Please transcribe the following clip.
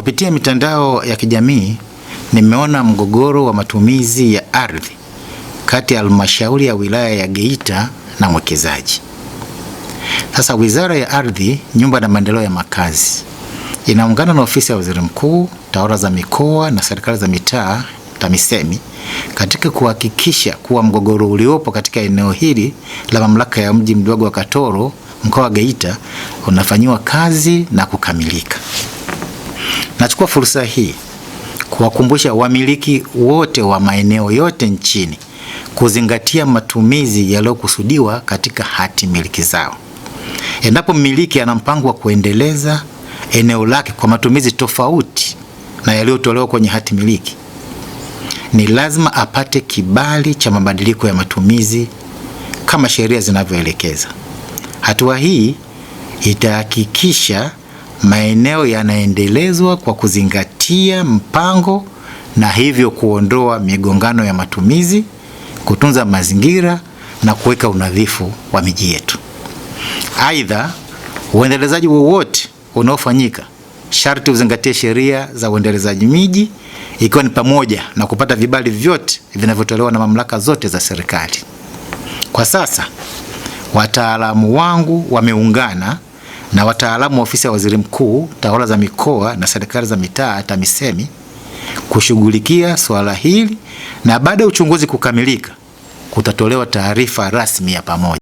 Kupitia mitandao ya kijamii nimeona mgogoro wa matumizi ya ardhi kati ya halmashauri ya wilaya ya Geita na mwekezaji. Sasa Wizara ya Ardhi, Nyumba na Maendeleo ya Makazi inaungana na Ofisi ya Waziri Mkuu, Tawala za Mikoa na Serikali za Mitaa, TAMISEMI katika kuhakikisha kuwa mgogoro uliopo katika eneo hili la mamlaka ya mji mdogo wa Katoro mkoa wa Geita unafanyiwa kazi na kukamilika. Nachukua fursa hii kuwakumbusha wamiliki wote wa maeneo yote nchini kuzingatia matumizi yaliyokusudiwa katika hati miliki zao. Endapo mmiliki ana mpango wa kuendeleza eneo lake kwa matumizi tofauti na yaliyotolewa kwenye hati miliki, ni lazima apate kibali cha mabadiliko ya matumizi kama sheria zinavyoelekeza. Hatua hii itahakikisha maeneo yanaendelezwa kwa kuzingatia mpango na hivyo kuondoa migongano ya matumizi, kutunza mazingira na kuweka unadhifu wa miji yetu. Aidha, uendelezaji wowote unaofanyika sharti uzingatie sheria za uendelezaji miji ikiwa ni pamoja na kupata vibali vyote vinavyotolewa na mamlaka zote za serikali. Kwa sasa wataalamu wangu wameungana na wataalamu wa ofisi ya waziri mkuu, tawala za mikoa na serikali za mitaa TAMISEMI kushughulikia suala hili, na baada ya uchunguzi kukamilika, kutatolewa taarifa rasmi ya pamoja.